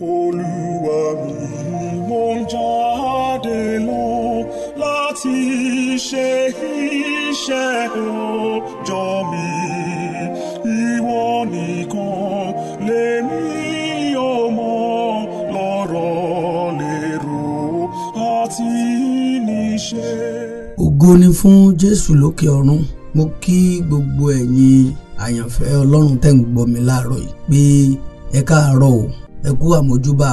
Olúwa mi mo ń jáde lọ láti ṣe iṣẹ́ òjò mi ìwọ nìkan lèmi ò lọ́rọ̀ lérò àti níṣe. ògo ni fún Jésù lókè ọ̀run mo kí gbogbo ẹ̀yin àyànfẹ́ Ọlọ́run tẹ́ ń gbọ́ mi láàárọ̀ yìí pé ẹ káàárọ̀ o ẹ kú àmójúbà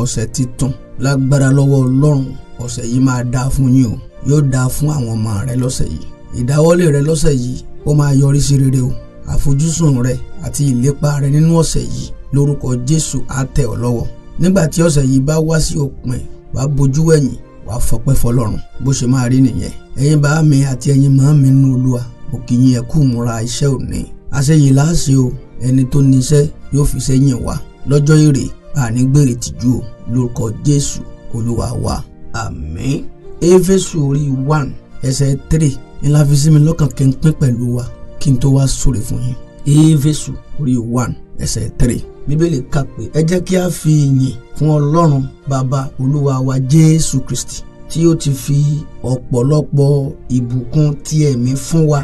ọ̀sẹ̀ titun lágbára lọ́wọ́ ọlọ́run ọ̀sẹ̀ yìí máa dáa fún yín o yóò dáa fún àwọn ọmọ rẹ lọ́sẹ̀ yìí ìdáwọ́lé rẹ lọ́sẹ̀ yìí ó máa yọrí sí rere o àfojúsùn rẹ àti ìlépa rẹ nínú ọ̀sẹ̀ yìí lórúkọ jésù á tẹ̀ ọ́ lọ́wọ́ nígbà tí ọ̀sẹ̀ yìí bá wá sí òpin wàá bojú ẹ̀yìn wàá fọpẹ́ fọlọ́run bó ṣe máa rí nìyẹn ẹ̀yin bàá mi àti ẹ̀yin màá mi nínú olúwa mo yín ẹ múra iṣẹ́ òní àṣeyìí láàṣẹ o ẹni tó níṣẹ́ yóò fi sẹ́yìn wá lọ́jọ́ èrè àní gbèrè tìjú o lórúkọ Jésù olúwa wa àmín éfésù orí one ẹsẹ̀ three ni la fi sí mi lọ́kàn kí n pín pẹ̀lú wa kí n tó wá sóre fún yín éfésù orí one ẹsẹ̀ three bíbélì kà pé ẹ jẹ́ kí a fi ìyìn fún ọlọ́run bàbá olúwa wa Jésù Kristi tí ó ti fi ọ̀pọ̀lọpọ̀ ìbùkún ti ẹ̀mí fún wa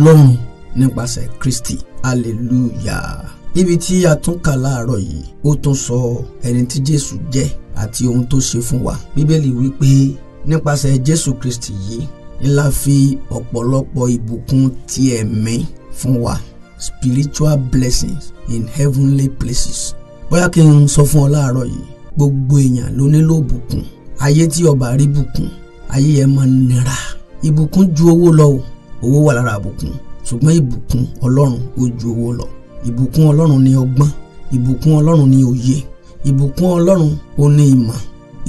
lọ́run nípasẹ̀ Kristi hallelujah níbi tí a tún kà láàárọ̀ yìí ó tún sọ ẹni tí jésù jẹ́ àti ohun tó ṣe fún wa bíbélì wípé nípasẹ̀ jésù kristi yìí ńlá fi ọ̀pọ̀lọpọ̀ ìbùkún ti ẹ̀mí fún wa spiritual blessings in heavenly places bóyá kí n sọ fún ọ láàárọ̀ yìí gbogbo èèyàn ló nílò ìbùkún ayé tí ọba rí bùkún ayé yẹn máa nira ìbùkún ju owó lọ o owó wà lára ìbùkún ṣùgbọ́n ìbùkún ọlọ́run ó ju owó lọ ìbùkún ọlọ́run ni ọgbọ́n ìbùkún ọlọ́run ni òye ìbùkún ọlọ́run ò ní ìmọ̀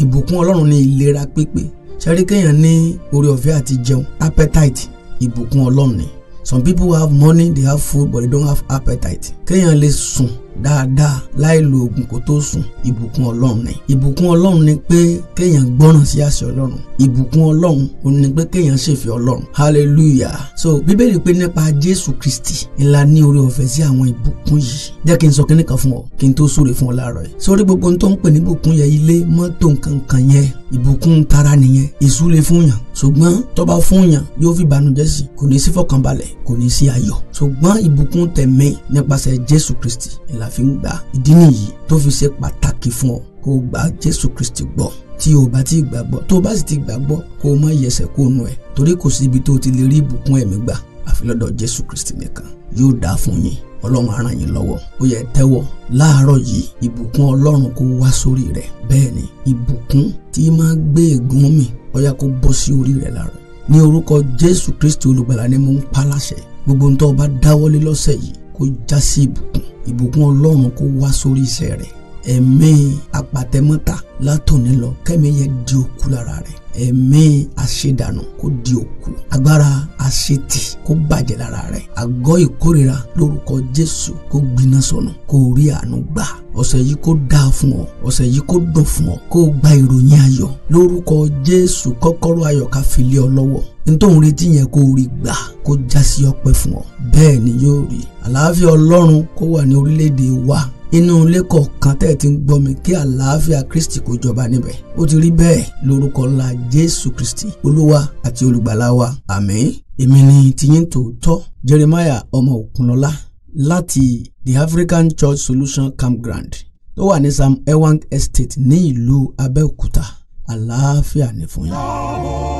ìbùkún ọlọ́run ní ìlera pípé ṣẹ́rí kéèyàn ní orí ọ̀fẹ́ àti jẹun appetite ìbùkún ọlọ́run ni some people have money they have food but they don't have appetite kéèyàn lè sùn dáadáa láì lo oògùn kó tó sùn ìbùkún ọlọ́run ni ìbùkún ọlọ́run ni pé kéèyàn gbọ́ràn sí àṣẹ ọlọ́run ìbùkún ọlọ́run ò ní pé kéèyàn ṣèfẹ́ ọlọ́run hallelujah so bíbélì pé nípa jésù kristi ńlá ní orí ọ̀fẹ́ sí àwọn ìbùkún yìí jẹ́ kí n sọ kíní kan fún ọ kí n tó súre fún ọ láàárọ̀ yìí sórí gbogbo tó ń pè ní ìbùkún yẹn ilé mọ́tò nkankan yẹn ìbùkún tara nìyẹn ìsúre fún yàn ṣùgbọ́n tó fún yàn yóò fi ìbànújẹ́ sí kò ní sí fọkànbalẹ̀ kò ní sí ayọ̀ ṣùgbọ́n ìbùkún tẹ̀mí nípasẹ̀ jésù kristi ńlá la fi ń gbà ìdí nìyí tó fi ṣe pàtàkì fún ọ kó o gba Jésù Kristi gbọ́ tí o bá ti gbàgbọ́ tó o bá sì ti gbàgbọ́ kó o má yẹsẹ̀ kó o nù ẹ̀ torí kò sí ibi tó o ti lè rí ìbùkún ẹ̀mí gbà àfi lọ́dọ̀ Jésù Kristi nìkan yóò dáa fún yín ọlọ́run á ràn yín lọ́wọ́ ó yẹ tẹ́wọ́ láàárọ̀ yìí ìbùkún ọlọ́run kó wá sórí rẹ bẹ́ẹ̀ ni ìbùkún tí máa gbé ègún mi ó yá kó bọ́ sí orí rẹ láàárọ̀ ní orúkọ Jésù Kristi olùgbàlà ni mo ń pa láṣẹ gbogbo ohun tó o bá dáwọ́lé lọ́sẹ̀ yìí kó já sí ìbùkún ìbùkún ọlọ́run kó wá sórí iṣẹ́ rẹ̀ ẹ̀mí apàtẹ́mọ́ta látòní lọ kẹ́mi yẹn di òkú lára rẹ̀ ẹ̀mí àṣedànù kó di òkú agbára àṣetì kó bàjẹ́ lára rẹ̀ àgọ́ ìkórira lórúkọ Jésù kó gbiná sọnù kó rí àánú gbà ọ̀sẹ̀ yìí kó dáa fún ọ ọ̀sẹ̀ yìí kó dùn fún ọ kó gba ìròyìn ayọ̀ lórúkọ Jésù kọ́kọ́rọ́ ayọ̀ ká fi lé ọ lọ́wọ́ nítorí retí yẹn kó rí gbà kó já sí fún ọ bẹ́ẹ̀ ni yóò rí àlàáfíà Ọlọ́run kó wà ní orílẹ̀-èdè wa inú ilé kọ̀ọ̀kan tẹ́ ẹ ti ń gbọ́ kí àlàáfíà kristi kó jọba níbẹ̀ ó ti rí bẹ́ẹ̀ lórúkọ ńlá jésù kristi olúwa àti olùgbàlà wa àmín èmi ni tiyín tòótọ́ jeremiah ọmọ òkunlọ́lá láti the african church solution campground tó wà ní sam ewang estate ní ìlú abẹ́òkúta àlàáfíà ni fún yín.